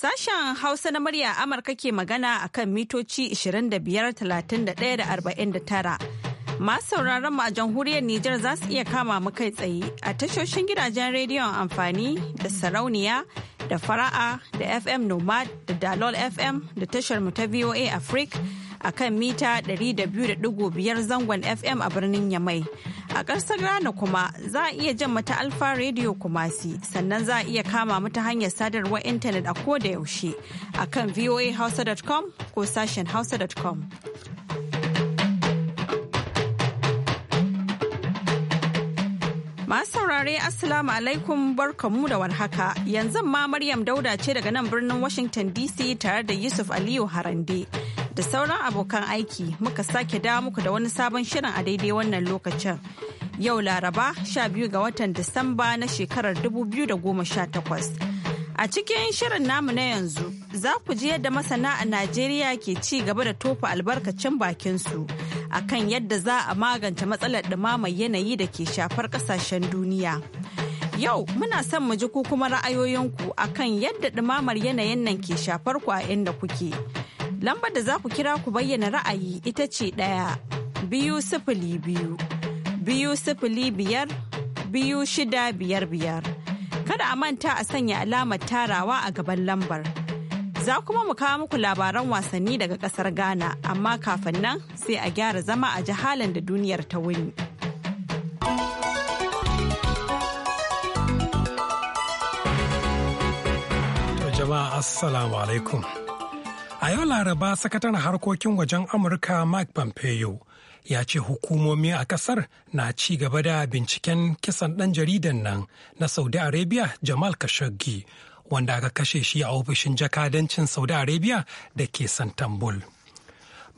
Sashen Hausa na murya Amurka ke magana a kan mitoci 25,31,49. Masu sauraron mu a jamhuriyar Nijar za su iya kama mu kai tsaye a tashoshin gidajen rediyon amfani da sarauniya da fara'a da FM Nomad da Dalol FM da tashar mu ta VOA Africa. a kan mita 200.5 zangon FM a birnin Yamai. A ƙarsar rana kuma za a iya jan mata Alfa Radio Kumasi sannan za a iya kama mata hanyar sadarwar intanet a ko da yaushe a kan voahausa.com ko sashen hausa.com. Masu saurare Assalamu alaikum barkamu da warhaka yanzu ma Maryam Dauda ce daga nan birnin Washington DC tare da Yusuf Aliyu Harande. da sauran abokan aiki muka sake dawo muku da wani sabon shirin a daidai wannan lokacin. Yau Laraba 12 ga watan Disamba na shekarar 2018. A cikin shirin namu na yanzu za ku ji yadda masana a Najeriya ke ci gaba da tofa albarkacin bakinsu a kan yadda za a magance matsalar ɗumamar yanayi da ke shafar ƙasashen duniya. Yau muna son mu ji ku kuma ra'ayoyinku akan yadda ɗumamar yanayin nan ke shafar ku a inda kuke. Lambar da za ku kira ku bayyana ra'ayi ita ce ɗaya biyu sifili biyu biyu sifili biyar biyu shida biyar biyar. Kada a manta a sanya alamar tarawa a gaban lambar. Za kuma mu kawo muku labaran wasanni daga ƙasar Ghana amma kafin nan sai a gyara zama a jihalan da duniyar ta wuni. jama'a assalamu alaikum A yau Laraba sakataren harkokin wajen Amurka Mike Pompeo ya ce hukumomi a kasar na ci gaba da binciken kisan ɗan jaridan nan na Saudi Arabia Jamal Khashoggi wanda aka kashe shi a ofishin jakadancin Saudi Arabia da ke Santambul.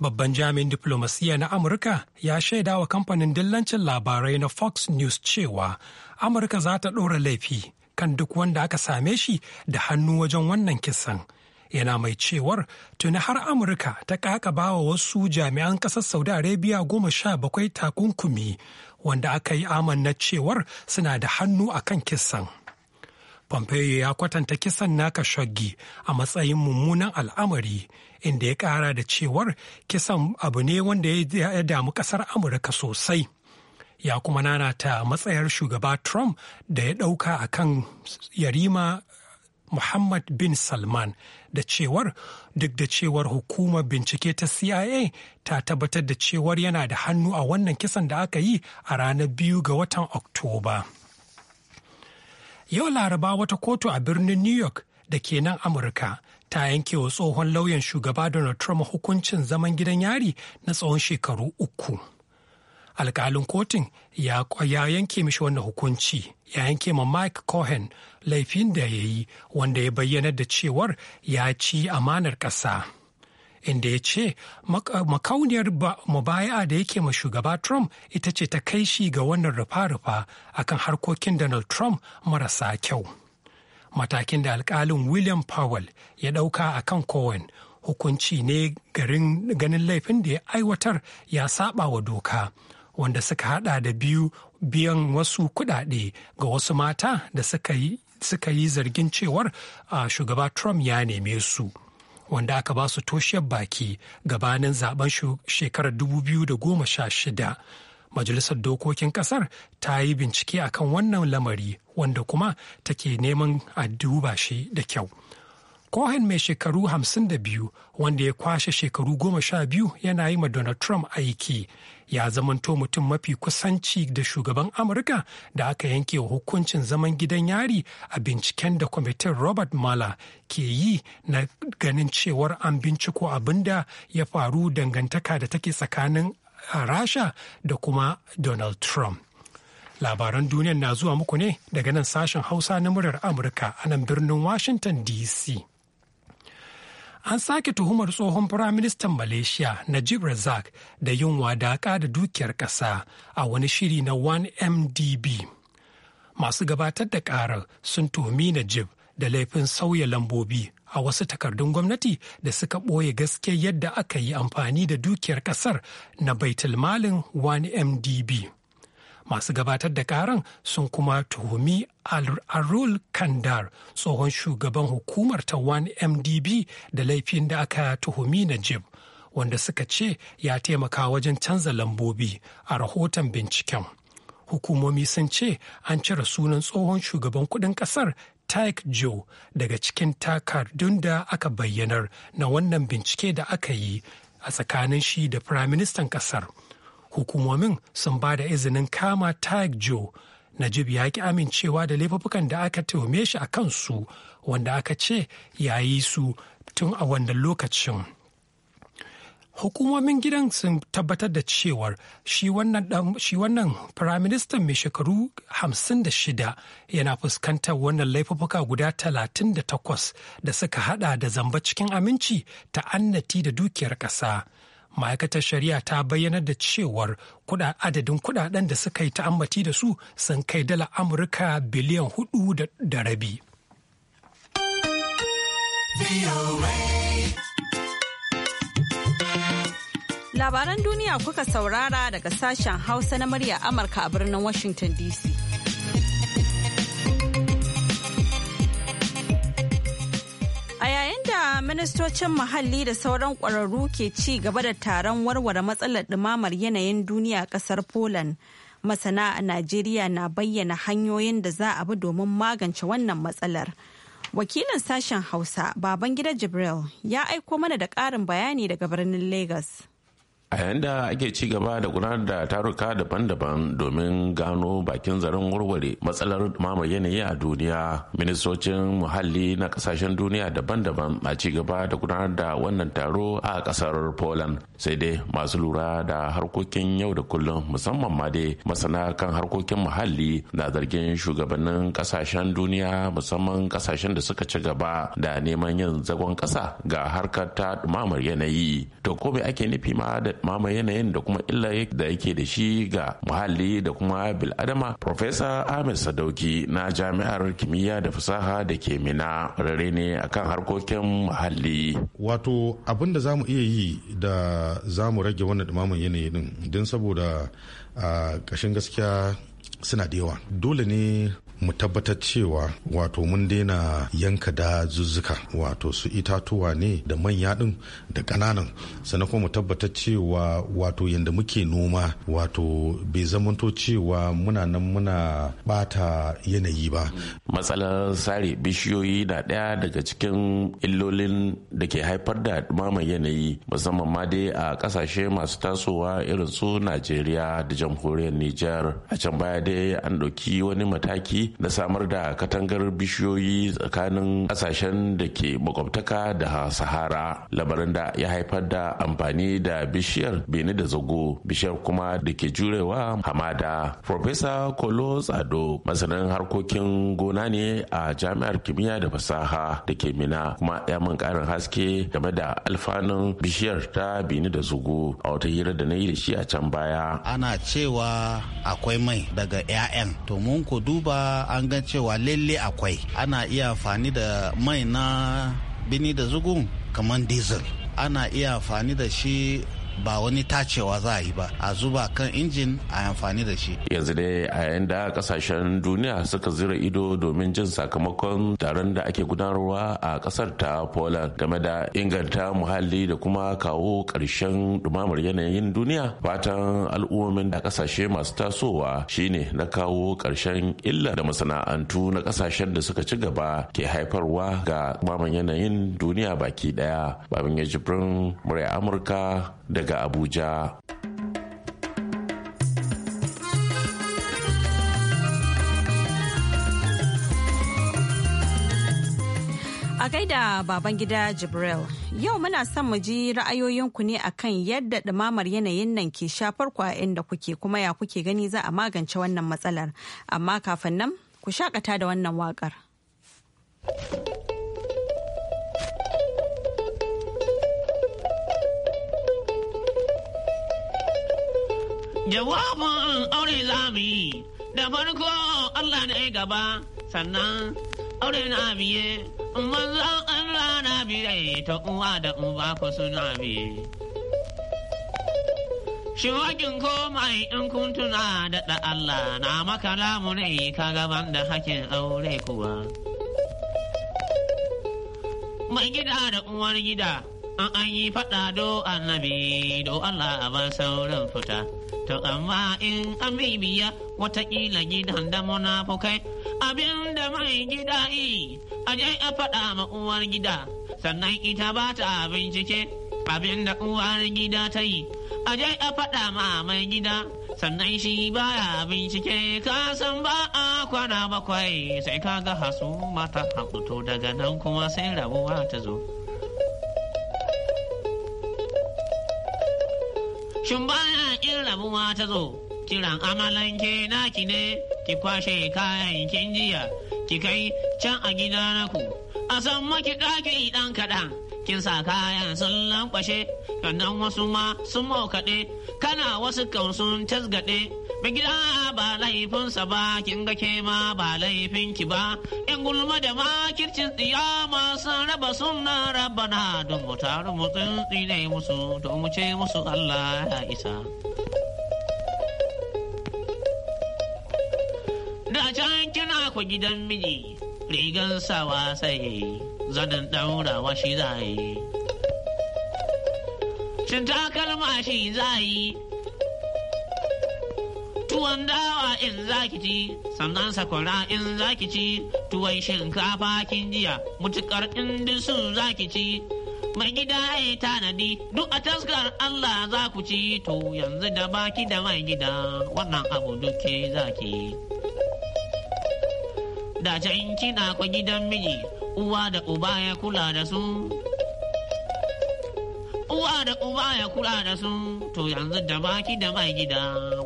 Babban jami'in diplomasiyya na Amurka ya shaida wa kamfanin dillancin labarai na Fox News cewa Amurka za ta ɗora laifi kan duk wanda aka same shi da hannu wajen wannan kisan. yana mai cewar tuni har amurka ta kakaba wa wasu jami'an ƙasar saudi arabia goma sha bakwai takunkumi wanda aka yi amanna cewar suna da hannu a kan kisan pompeo ya kwatanta kisan na kashoggi a matsayin mummunan al'amari inda ya kara da cewar kisan abu ne wanda ya damu ƙasar amurka sosai ya kuma nanata matsayar shugaba Trump da ya ɗauka a kan yarima Muhammad bin Salman da cewar duk da cewar hukumar bincike ta CIA ta tabbatar da cewar yana da hannu a wannan kisan da aka yi a ranar biyu ga watan Oktoba. Yau Laraba wata kotu a birnin New York da ke nan Amurka ta yanke wa tsohon lauyan shugaba Donald Trump hukuncin zaman gidan yari na tsawon shekaru uku. alkalin kotun ya yanke mishi wannan hukunci ya yanke ma mike cohen laifin da ya yi wanda ya bayyana da cewar ya ci amanar ƙasa inda ya ce makauniyar mubaya da yake ma shugaba trump ita ce ta kai shi ga wannan rufa-rufa akan harkokin donald trump marasa kyau matakin da alkalin william powell ya ɗauka akan cohen hukunci ne garin ganin laifin da ya aiwatar ya saba wa doka wanda suka hada da biyu biyan wasu kudade ga wasu mata da suka yi zargin cewar shugaba Trump ya neme su. wanda aka ba su toshiyar baki gabanin zaben shekarar 2016 majalisar dokokin kasar ta yi bincike akan wannan lamari wanda kuma take neman a duba shi da kyau Cohen mai shekaru 52 wanda ya kwashe shekaru 12 yana yi ma Donald Trump aiki ya zamanto mutum mafi kusanci da shugaban Amurka da aka yanke hukuncin zaman gidan yari a binciken da kwamitin Robert Mueller ke yi na ganin cewar an binciko abin da ya faru dangantaka da take tsakanin Rasha da kuma Donald Trump. labaran duniyar na zuwa muku ne daga nan sashen hausa na murar amurka a nan birnin washington dc an sake tuhumar tsohon firaministan malaysia najib razak da yin wadaƙa da dukiyar ƙasa a wani shiri na 1mdb masu gabatar da ƙarar sun tuhumi najib da laifin sauya lambobi a wasu takardun gwamnati da suka ɓoye gaske yadda aka yi amfani da dukiyar ƙasar na baitulmalin 1mdb masu gabatar da karan sun kuma tuhumi arul kandar tsohon shugaban hukumar ta 1mdb da laifin da aka tuhumi najib wanda suka ce ya taimaka wajen canza lambobi a rahoton binciken hukumomi sun ce an cire sunan tsohon shugaban kudin kasar taik joe daga cikin takardun da aka bayyanar na wannan bincike da aka yi a tsakanin shi da firaministan kasar hukumomin sun ba da izinin kama tag joe najib ya ki amincewa da laifukan da aka tuhume shi a kansu wanda aka ce ya yi su tun a wannan lokacin hukumomin gidan sun tabbatar da cewar shi wannan firaministan mai shekaru 56 yana fuskantar wannan laifuka guda 38 da suka hada da zamba cikin aminci ta annati da dukiyar kasa. ma'aikatar shari'a ta bayyanar da cewar kuda adadin kudaden da suka yi ta'ammati da su sun kai dala amurka biliyan hudu da rabi labaran duniya kuka saurara daga sashen hausa na murya amurka a birnin washington dc a yayin Yayin da ministocin muhalli da sauran ƙwararru ke ci gaba da taron warware matsalar ɗumamar yanayin duniya ƙasar Poland, masana a Najeriya na bayyana hanyoyin da za a bi domin magance wannan matsalar. Wakilin sashen Hausa, Babangida Jibril, ya aiko mana da ƙarin bayani daga birnin Legas. a yayin da ake ci gaba da gudanar da taruka daban-daban domin gano bakin zaren warware matsalar mamaye yanayi a duniya ministocin muhalli na kasashen duniya daban-daban a ci gaba da gudanar da wannan taro a kasar poland sai dai masu lura da harkokin yau da kullum musamman ma dai masana kan harkokin muhalli na zargin shugabannin kasashen duniya musamman kasashen da suka ci gaba da neman yin zagon kasa ga harkar ta dumamar yanayi to ko ake nufi ma da mama yanayin da kuma illa da yake da shi ga muhalli da kuma bil'adama Profesa Ahmed Sadauki na Jami'ar Kimiyya da Fasaha da ke Mina rare ne akan harkokin muhalli. Wato abin da za mu iya yi da za mu rage wannan dumaman yanayi din don saboda a ah, ƙashin gaskiya suna da yawa dole ne mu tabbatar cewa wato mun daina yanka da zuzzuka wato su itatuwa ne da manya din da ƙananan sannan kuma mu tabbatar cewa wato yadda muke noma wato bai zamanto cewa muna nan muna bata yanayi ba matsalar sare bishiyoyi na daya daga cikin illolin da ke haifar da ɗumaman yanayi musamman ma dai a kasashe masu tasowa irin su najeriya da jamhuriyar niger a can baya dai an ɗauki wani mataki na samar da katangar bishiyoyi tsakanin kasashen da ke makwabtaka da sahara labarin da ya haifar da amfani da bishiyar bene da zago bishiyar kuma da ke jurewa hamada Profesa kolo tsado masanin harkokin gona ne a jami'ar kimiyya da fasaha da ke mina kuma ya min karin haske game da alfanun bishiyar ta bene da zago a wata hira da na yi da shi a can baya ana cewa akwai mai daga 'ya'yan to mun ku duba an gan cewa lalle akwai ana iya amfani da mai na bini da zugun kamar diesel ana iya amfani da shi ba wani tacewa za a yi ba a zuba kan injin a amfani da shi yanzu dai a yayin da kasashen duniya suka zira ido domin jin sakamakon taron da ake gudanarwa a kasar ta poland game da inganta muhalli da kuma kawo karshen dumamar yanayin duniya fatan al'ummomin da kasashe masu tasowa shine na kawo ƙarshen illa da masana'antu na kasashen da suka ci gaba ke haifarwa ga dumamar yanayin duniya baki daya babin ya jibrin amurka da daga Abuja. A gaida baban gida Jibril, yau muna son mu ji ra'ayoyinku ne akan yadda ɗumamar yanayin nan ke shafar ku a inda kuke kuma ya kuke gani za a magance wannan matsalar. Amma kafin nan, ku shakata da wannan waƙar. Jawabin aure za mu yi, da farko Allah na gaba, sannan aure na biye, manzan Allah na biye ta uwa da uba ku suna biye. Shiwakin komai in kun tuna daɗa Allah na makala lamu ne ka gaban da hakin aure kuwa. Mai gida da uwar gida. an an yi faɗa do annabi do Allah a ban sauran fita. To amma in an watakila gidan da munafukai abin da mai gida yi a je a faɗa ma uwar gida sannan ita ba ta bincike abin da uwar gida ta yi a je a faɗa ma mai gida sannan shi baya bincike ka san ba a kwana bakwai sai ka ga hasu mata hakuto daga nan kuma sai rabuwa ta zo. Shin bayan in rabuwa ta zo, kiran amalanke naki ne, ki kwashe kayan kin jiya, ki kai can a gida naku, a san maki ɗaki ɗan kaɗan. kin sa kaya sun lankwashe sannan wasu ma sun maukaɗe kana wasu kan sun tasgaɗe bigida ba laifinsa ba kin ga ke ma ba laifinki ba in gulma da makircin tsiya masu raba Raba na. don mu taru mu tsintsi ne musu don mu ce musu Allah ya isa da can kina ku gidan miji rigan sawa sai zanen ɗaurawa shi za yi cin takalma shi za yi tuwon dawa in zaki ci sannan sakwara in zaki ci tuwon shinkafa kin jiya mutukar in sun zaki ci mai gida ya tanadi duk a taskar Allah za ku ci to yanzu da baki da mai gida wannan abu duke zaki da can kina kwa gidan miji uwa da uba ya kula da su uwa da uba ya kula da su to yanzu da baki da mai gida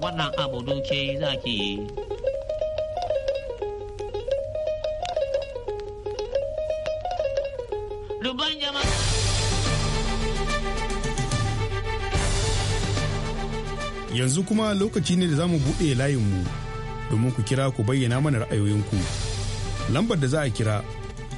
wannan abu duke zaki yanzu kuma lokaci ne da za mu buɗe layinmu domin ku kira ku bayyana mana ra'ayoyinku. Lambar da za a kira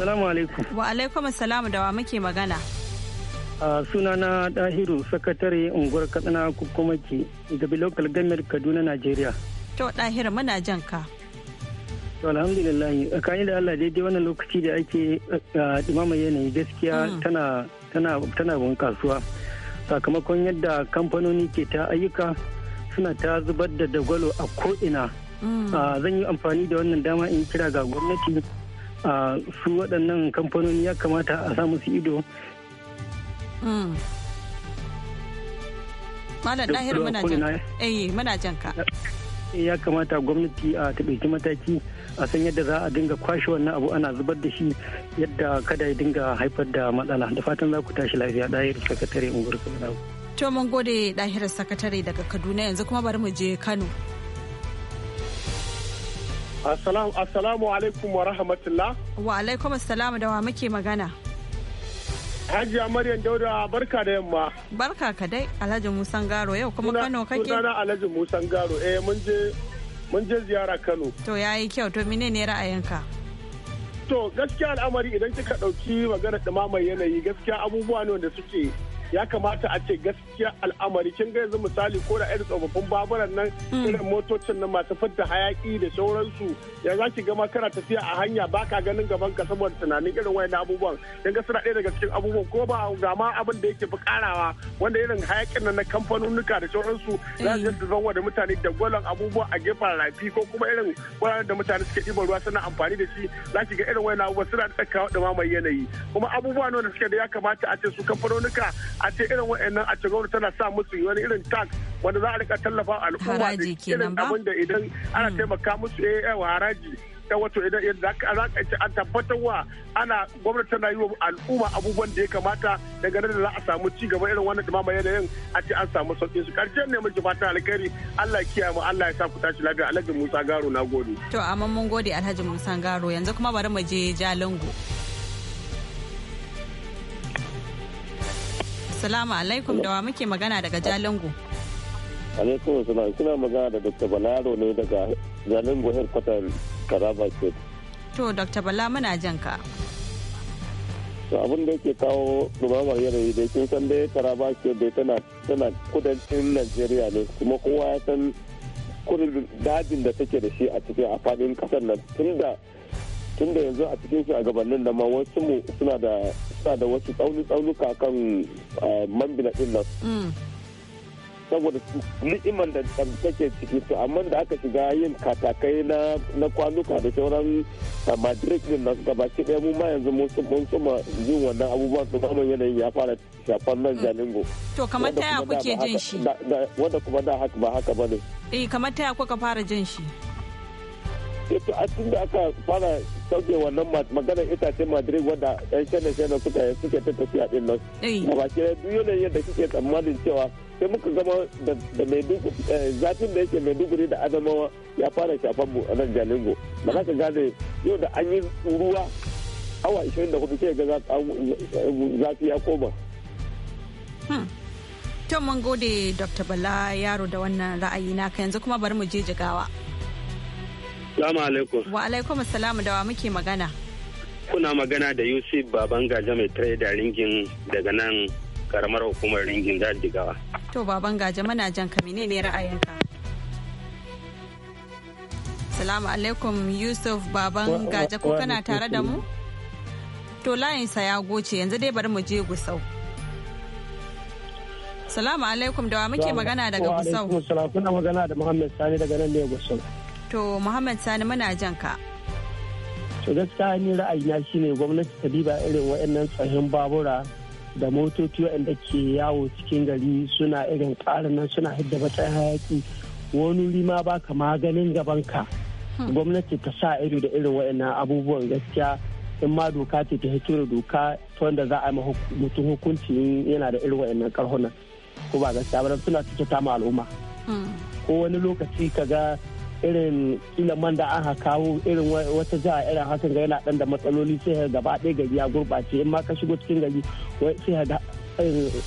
Assalamu alaikum. Wa alaikum da wa muke magana. A na Dahiru sakatare unguwar Katsina Kukumaki Gabi Local Gamer Kaduna Najeriya. To Dahiru muna jan ka. To alhamdulillah tsakanin da Allah daidai wannan lokaci da ake dumama yanayi gaskiya mm. tana tana tana bunkasuwa sakamakon yadda kamfanoni ke ta ayyuka suna ta zubar da dagwalo a ko'ina. Mm. Zan yi amfani da wannan dama in kira ga gwamnati su waɗannan kamfanoni ya kamata a samu su ido mm. malam eh, ya kamata gwamnati a ta mataki a san yadda za a dinga kwashe wannan abu ana zubar da shi yadda kada ya dinga haifar da matsala da fatan za ku tashi lafiya ɗahir sakatare unguwar kamar to mun gode ɗahir sakatare daga kaduna yanzu kuma bari mu je kano Assalamu alaikum wa rahmatullah. Wa alaikum assalamu da wa muke magana. Hajiya Maryam Dauda barka da yamma. Barka ka dai Alhaji Musan Garo yau kuma Kano kake? Sunana Alhaji Musan Garo eh mun je mun je ziyara Kano. To yayi kyau to mine ne ra'ayinka? To gaskiya al'amari idan kika dauki magana da mai yanayi gaskiya abubuwa ne wanda suke ya kamata a ce gaskiya al'amari kin ga yanzu misali ko da irin tsofaffin baburan nan hmm. irin motocin nan masu fitta hayaki da sauransu ya za ki gama kana tafiya a hanya baka ganin gaban ka saboda tunanin irin wayan abubuwan dan ga suna ɗaya daga cikin abubuwan ko ba ga ma abin da yake bukarawa. wanda irin hayakin nan na kamfanonuka da sauransu za hmm. su yadda zan da mutane da gwalon abubuwa a gefen rafi ko kuma irin wuraren da mutane suke ɗiban ruwa suna amfani da shi za ki ga irin wayan abubuwan suna da tsakawa da mamaye yanayi kuma abubuwa ne da suke da ya kamata a ce su kamfanonuka a ce irin wa'annan a ce gwamnati tana sa musu wani irin tax wanda za a rika tallafa al'umma da irin abin da idan ana hmm. taimaka musu eh, yi haraji ta wato idan za ka ce an tabbatar wa ana gwamnati tana yi wa al'umma abubuwan da ya kamata daga nan da za a samu ci gaba irin wannan dumama yanayin a ce an samu sauƙin su karshen ne miji fata alkhairi Allah kiya mu Allah ya sa ku tashi lafiya Alhaji Musa Garo na gode to amma mun gode Alhaji Musa Garo yanzu kuma bari mu je Jalingo Assalamu alaikum da wa muke magana daga Jalingo. Alaikum assalam kuna magana da Dr. Balaro ne daga Jalingo headquarter Taraba State. To Dr. Bala muna jan ka. To abin da yake kawo dumamar yanayi da kin san dai Taraba State dai tana tana kudancin Najeriya ne kuma kowa ya san kurin dajin da take da shi a cikin a faɗin ƙasar nan tunda da yanzu a cikin gabanin da ma wasu mu suna da sa da wasu tsauni-tsaunuka kan eh, mambila ɗin nan. Mm. saboda ni'imar da take ciki su amma da aka shiga yin katakai na kwanuka da sauran eh, madrid din na gabaki ɗaya mu ma yanzu mun mun suma yin wannan abubuwan su kamar yanayin ya fara shafan nan mm. jalingo to kamar ta kuke jin shi wanda kuma da haka ba haka ba ne eh kamar ta kuka fara jin shi ita a tun da aka fara sauke wannan maganar itace madrid wadda yan shane shane suka suke ta tafiya din nan a baki da duk yanayi yadda kike tsammanin cewa sai muka zama da eh, zafin da yake maiduguri da adamawa ya fara shafan mu a nan jalingo ba za ka gane yau da an yi ruwa awa 24 sai ga zafi ya koma hmm. to mun gode dr bala yaro da wannan ra'ayi naka yanzu kuma bari mu je jigawa Salamu alaikum. Wa alaikum da wa muke magana. Kuna magana da Yusuf Baban Gaja mai da ringin daga nan karamar hukumar ringin da To Baban Gaja mana jan ka ne ra'ayinka? Salamu alaikum Yusuf Baban Gaja ko kana tare da mu? To layinsa ya goce yanzu dai bari mu je Gusau. Salamu alaikum da wa muke magana daga Gusau. Wa alaikum salam kuna magana da Muhammad Sani daga nan ne To Muhammad Sani muna jan ka. To gaskiya ni ra'ayina shine gwamnati ta diba irin waɗannan tsohon babura da motoci waɗanda ke yawo cikin gari suna irin ƙarin nan suna hidda batun hayaki wani rima ba ka maganin gabanka. Hmm. Gwamnati ta sa ido da irin waɗannan abubuwan gaskiya in ma doka ce ta hito da doka ta wanda za a yi mutum hukunci yana da irin waɗannan karhunan. Ko ba gaskiya ba suna cike ta al'umma. Hmm. Ko wani lokaci ka ga irin kila man da aka kawo irin wata jiha irin hakan ga yana dan da matsaloli sai gaba ɗaya gari ya gurɓace in ma ka shigo cikin gari sai ga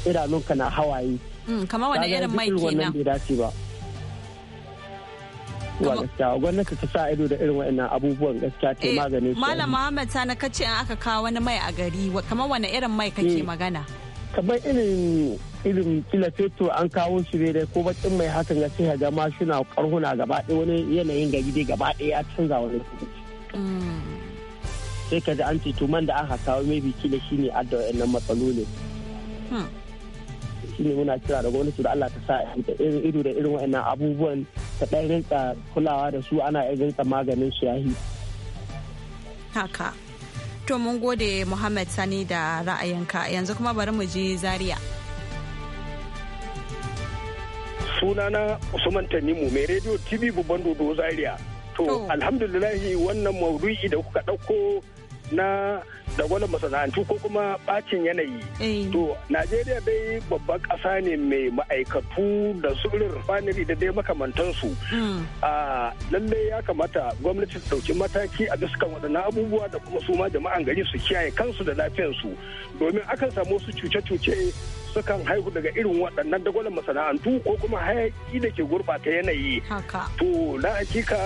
idanunka na hawaye. Mm, kamar wani irin mai kenan. Wannan bai dace ba. gaskiya gwamnati ta sa ido da irin wa'annan abubuwan gaskiya ta eh, maganin su. Malam Muhammad Sani ka ce an aka kawo wani mai a gari kamar wani irin mai kake mm. magana? Kamar irin irin kila fetur an kawo shi ne ko bakin mai hakan ya sai ga suna karhuna gaba ɗaya wani yanayin gari dai gaba ɗaya ya canza wani sai ka ji an ce to man da aka kawo mai biki da ne adda nan matsaloli hmm. shine muna kira da gwamnati da Allah ta sa irin ido da irin wayannan abubuwan ta ɗan rinka kulawa da su ana irin rinka maganin su yahi haka to mun gode Muhammad Sani da ra'ayinka yanzu kuma bari mu ji Zaria sunana usman tanimu mai rediyo tv babban dodo zaria to alhamdulillahi wannan maudu'i da kuka ɗauko na dagwalon masana'antu ko kuma bacin yanayi. Eh. To, Najeriya dai babban ƙasa ne mai ma'aikatu da surin refinery da dai makamantansu. Hmm. A lalle ya kamata gwamnati ta ɗauki mataki a dukkan waɗannan abubuwa da kuma su ma jama'an gari su kiyaye kansu da lafiyarsu. Domin akan samu wasu cuce-cuce sukan haihu daga irin waɗannan dagwalon masana'antu ko kuma hayaki da ke gurɓata yanayi to na hakika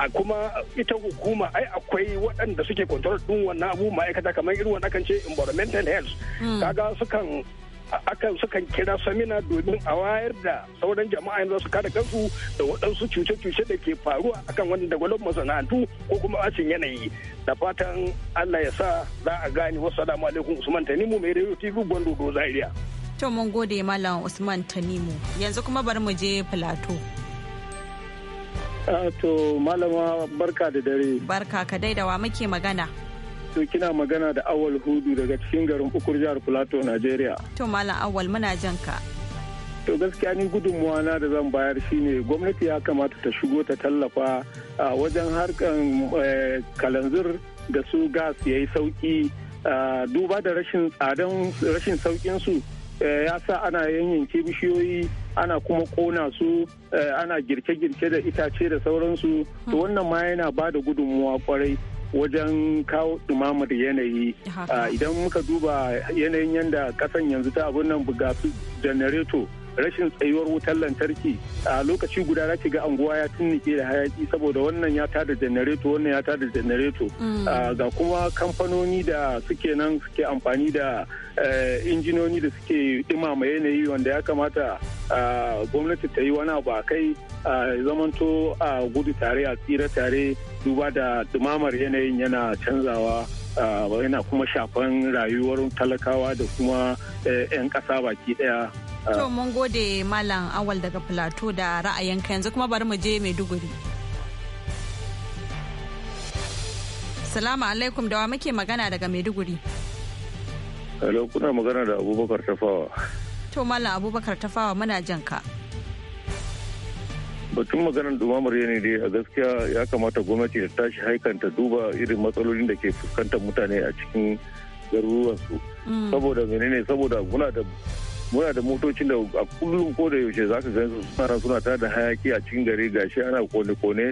a kuma ita hukuma ai akwai waɗanda suke kontrol ɗin wannan abu ma'aikata kamar irin wannan kan ce environmental health hmm. kaga sukan akan sukan kira samina domin a wayar da sauran jama'a yanzu su kada kansu da waɗansu cuce-cuce da ke faruwa akan wani dagwalon masana'antu ko kuma asin yanayi da fatan Allah ya sa za a gane wasu alaikun Usman Tanimu mai rediyo TV Gwando Zaria. To mun gode Malam Usman Tanimu. Yanzu kuma bari mu je Filato. Ah, to Malama barka da dare. Barka ka daidawa muke magana. To kina magana da Awal Hudu daga cikin garin Ukur jihar plato Najeriya. To Malam Awal muna jan ka. To gaskiya ni gudunmuwa na da zan bayar shine gwamnati ya kamata ta shigo ta tallafa a wajen harkan eh, kalanzir da su gas ya yi sauki duba da rashin tsadan rashin saukin su eh, ya sa ana yanyanke bishiyoyi ana kuma kona su eh, ana girke-girke da itace da sauransu to hmm. wannan ma yana ba da gudunmuwa kwarai wajen kawo dumamar yanayi ah, idan muka duba yanayin yanda kasan yanzu ta abun nan buga janareto rashin tsayuwar wutar lantarki a lokaci guda na ga anguwa ya tunnike da hayaki saboda wannan ya tada janareto wannan ya tada janareto mm. ga kuma kamfanoni da suke nan suke amfani da eh, injinoni da suke imama yanayi wanda ya kamata gwamnati ta yi wani abu a kai zamanto a gudu tare a tsira tare duba da dumamar yanayin yana canzawa yana kuma shafan rayuwar talakawa da kuma eh, 'yan ƙasa baki ɗaya Ah. To mun gode Malam Awal daga Plateau da ra'ayinka yanzu kuma bari mu je Maiduguri. Salamu alaikum dawa muke magana daga Maiduguri. Hello kuna magana da Abubakar Tafawa. To Malam Abubakar Tafawa muna jan ka. Batun maganar dumamar yanayi dai a gaskiya ya kamata gwamnati ta tashi haikanta duba irin matsalolin da ke fuskantar mutane a cikin garuruwansu. Mm. Saboda menene saboda muna da muna da motocin da a kullum ko da yaushe za ka gani suna suna ta da hayaki a cikin gari gashi ana kone-kone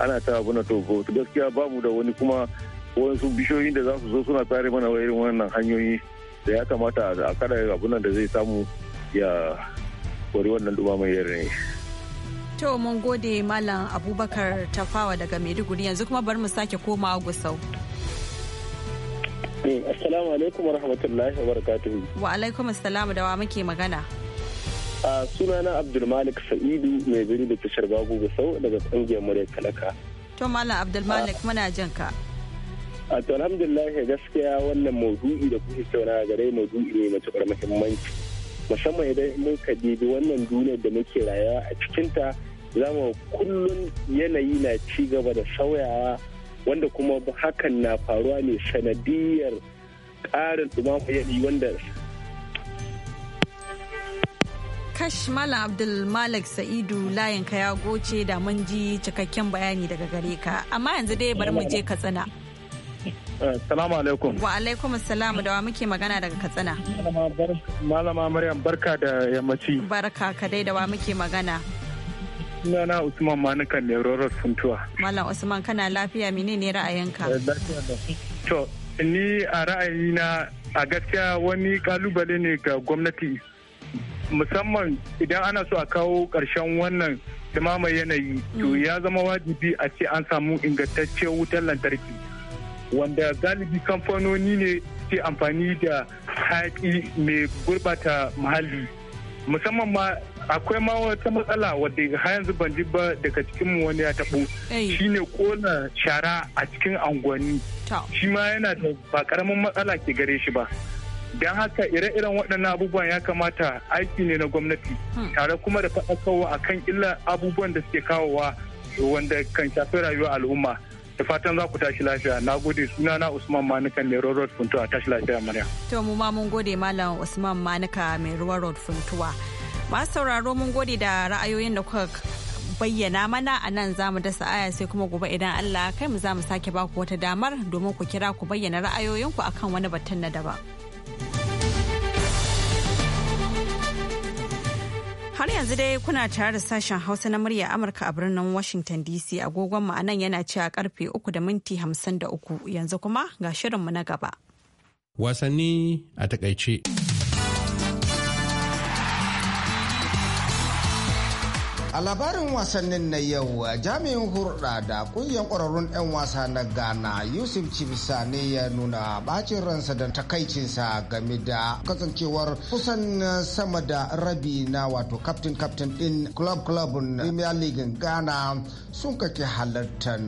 ana ta abu na togo gaskiya ba mu da wani kuma wasu bishiyoyin da za su zo suna tsare mana irin wannan hanyoyi da ya kamata a kada abu nan da zai samu ya kori wannan dumaman yare To mun gode Malam Abubakar Tafawa daga Maiduguri yanzu kuma bari mu sake komawa Gusau. Assalamu alaikum wa rahmatullahi wa barakatuhu. Wa alaikum assalamu da wa muke magana. A sunana Abdulmalik Sa'idu mai biri da tashar babu sau daga kungiyar Murya Talaka. To Malam Abdulmalik muna jin ka. A to alhamdulillah gaskiya wannan maudu'i da kuke sauna gare maudu'i ne matukar muhimmanci. Musamman idan mun ka dibi wannan duniyar da muke rayuwa a cikinta zama kullum yanayi na ci gaba da sauyawa wanda kuma hakan na faruwa ne sanadiyar ƙarin ɗumamar yanayi wanda kash mala abdul malik sa'idu layinka ya goce da mun ji cikakken bayani daga gare ka amma yanzu dai bari mu je katsina eh, salamu alaikum wa alaikum salamu da wa muke magana daga katsina malama maryam barka da yammaci barka ka dai da wa muke magana sunana Usman Manukan ne Roros Funtuwa. Malam Usman kana lafiya menene ra'ayinka? Eh, to, ni a ra'ayina a gaskiya wani kalubale ne ga gwamnati musamman idan ana so a kawo ƙarshen wannan dumama yanayi to mm. ya zama wajibi a ce an samu ingantacciyar wutar lantarki wanda galibi kamfanoni ne ke amfani da haƙi mai gurbata muhalli musamman ma akwai ma wata matsala wadda har yanzu ban ji ba daga cikin mu wani ya taɓo shine kona shara a cikin unguwanni shi ma yana da ba karamin matsala ke gare shi ba don haka ire-iren waɗannan abubuwan ya kamata aiki ne na gwamnati hmm. tare kuma da a kan illa abubuwan da suke kawowa wanda kan shafi rayuwar al'umma da fatan za ku tashi lafiya na gode suna na usman manuka mai road funtuwa tashi lafiya murya to mu ma mun gode malam usman manuka mai road funtuwa Masu sauraro mun gode da ra'ayoyin da kuka bayyana mana a nan za mu dasa aya sai kuma gobe idan Allah kai mu za mu sake baku wata damar domin ku kira ku bayyana ra'ayoyinku akan wani batun na daba. Har yanzu dai kuna tare da sashen Hausa na murya Amurka a birnin Washington DC agogon mu anan yana ci a karfe 3 da minti 53 yanzu kuma ga shirinmu na gaba. Wasanni a takaice. A labarin wasannin na yau jami'in hurɗa da ƙungiyar ƙwararrun 'yan wasa na Ghana Yusuf ne ya nuna bacin ransa da takaicinsa game da kasancewar kusan sama da rabi na wato Captain Captain ɗin club club Premier League Ghana sun kake halartar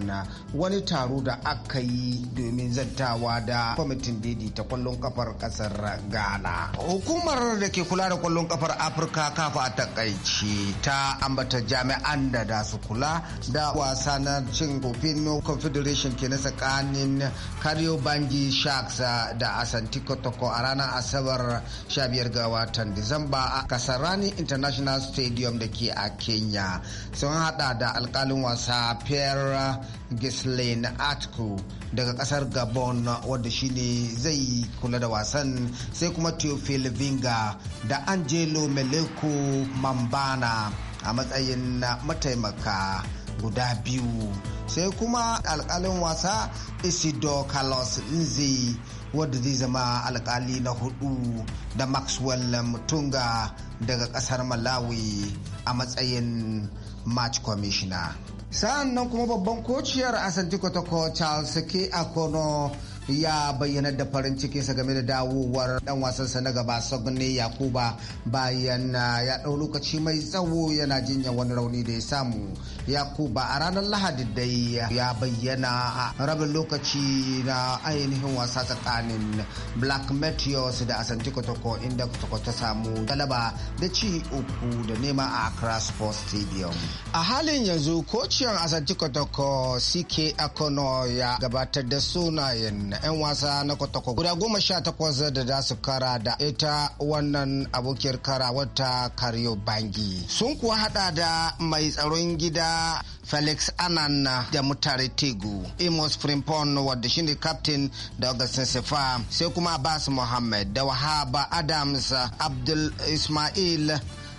wani taro da aka yi domin zantawa da kwamitin daidaita kwallon kafar ƙasar Ghana. Hukumar da ke kula da kwallon kafar Afirka kafa a takaici ta ambata Da jami'an da da su kula da wasa na cin confederation ke na tsakanin karyo bangi sharks da asanti kotoko a ranar asabar 15 ga watan disamba a kasarani international stadium da ke a kenya sun hada da alkalin wasa pierre Gislin Atku. daga kasar Gabon wanda shine zai kula da wasan sai kuma Teofil Vinga da Angelo Meleko Mambana a matsayin na mataimaka guda biyu sai kuma alkalin wasa isido carlos nzi wadda zai zama alkali na hudu da maxwell mutunga daga kasar malawi a matsayin March commissioner sa'an nan kuma babban kociyar asanti kotoko charles k akono ya bayyanar da farin cikinsa game da dawowar dan wasansa na gaba sogne yakuba bayan uh, ya ɗau lokaci mai tsawo yana jinya wani rauni da ya samu yakuba a ranar lahadi dai ya bayyana a rabin lokaci na ainihin wasa tsakanin black meteors da asanti kotoko inda kotoko ta samu galaba da ci uku da nema a accra sports stadium a halin yanzu kociyar asanti kotoko ck akono ya gabatar da sunayen 'yan wasa na kwatakwa guda goma sha takwas da za su kara da ita wannan abokiyar kara wata karyo bangi sun kuwa hada da mai tsaron gida felix anan da mutare tegu amos frimpon wadda shine captain da augustin sefa sai kuma abbas mohammed da wahaba adams abdul ismail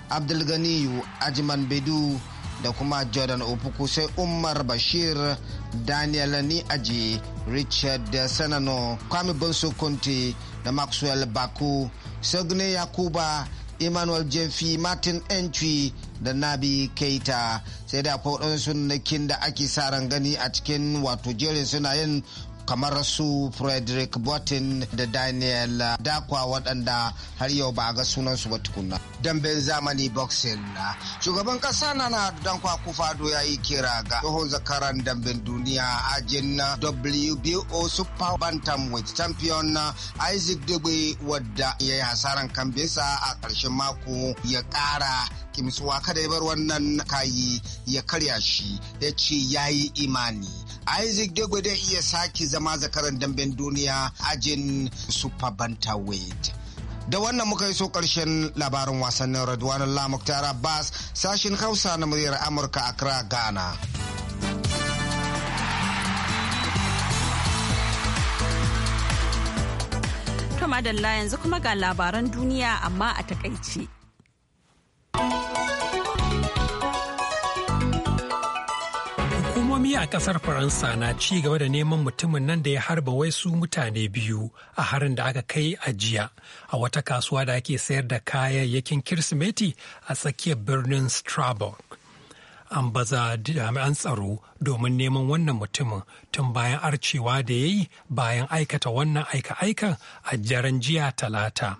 abdul ganiyu ajiman bedu da kuma jordan opuku sai umar bashir daniel ni aji richard senano kwame bonso conte da maxwell baku sogne yakuba emmanuel jemfi martin entry da nabi keita sai da akwai waɗansu nakin da ake sa rangani a cikin wato jerin sunayen kamar su frederick botin da daniel dakwa waɗanda har yau ba a ga sunansu ba tukuna. damben zamani boxing shugaban ƙasa na dankwa kufado ya yi kira ga tsohon zakaran damben duniya a ajin wbo super bantamweight champion isaac dugbe wadda ya yi hasaran kambesa a ƙarshen mako ya ƙara kimsuwa kada ya bar wannan kayi ya karya shi ya ce ya yi imani isaac dego zai iya sake zama zakaran damben duniya ajin super bantamweight da wannan muka yi so ƙarshen labarin wasannin radwan allah muktar abbas sashin hausa na muryar amurka accra ghana madalla yanzu kuma ga labaran duniya amma a takaice. a kasar Faransa na ci gaba da neman mutumin nan da ya harba wasu mutane biyu a harin da aka kai a jiya a wata kasuwa da ake sayar da kayayyakin Kirsimeti a tsakiyar birnin Strasbourg. An baza jami'an tsaro domin neman wannan mutumin tun bayan arcewa da ya yi bayan aikata wannan aika-aikan a daren jiya talata.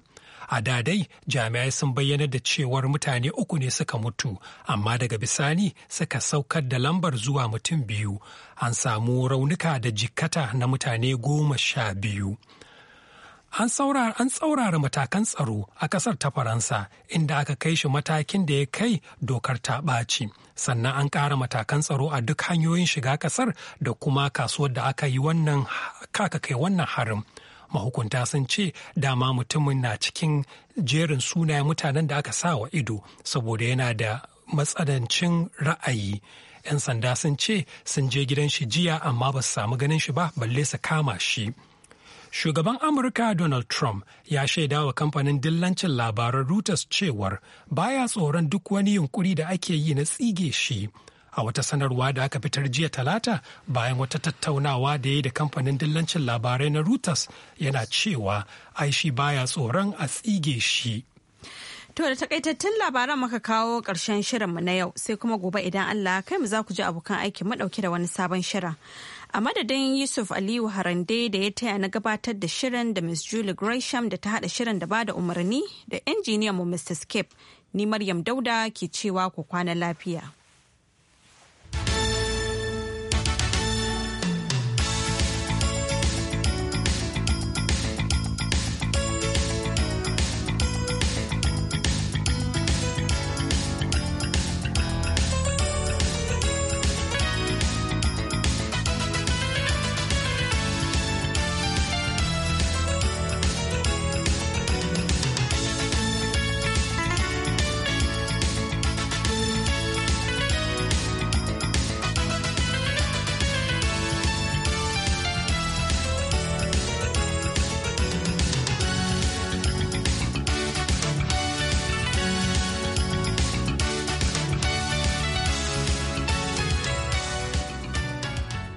A dadai jami'ai sun bayyana da cewar mutane uku ne suka mutu, amma daga bisani suka saukar da lambar zuwa mutum biyu. An samu raunuka da jikata na mutane goma sha biyu. An tsaurara matakan tsaro a ƙasar ta Faransa inda aka kai shi matakin da ya kai dokar ta ɓaci. Sannan an ƙara matakan tsaro a duk hanyoyin shiga ƙasar da kuma kasuwar da aka yi wannan kai wannan harin. mahukunta sun ce dama mutumin na cikin jerin sunayen mutanen da aka sa wa ido saboda yana da matsanancin ra'ayi 'yan sanda sun ce sun je gidan shi jiya amma ba su samu ganin shi ba balle su kama shi shugaban amurka donald trump ya shaida wa kamfanin dillancin labaran reuters cewar baya tsoron duk wani yunkuri da ake yi na tsige shi a wata sanarwa da aka fitar jiya talata bayan wata tattaunawa da yi da kamfanin dillancin labarai na reuters yana cewa aishi baya tsoron a tsige shi To da takaitattun labaran muka kawo ƙarshen mu na yau sai kuma gobe idan Allah kai mu za ku ji abokan aiki dauke da wani sabon shirin. A madadin Yusuf Aliyu Harande da ya taya na gabatar da shirin da Miss Julie Gresham da ta haɗa shirin da ba da umarni da injiniyan mu Mr. Skip. Ni Maryam Dauda ke cewa ku kwana lafiya.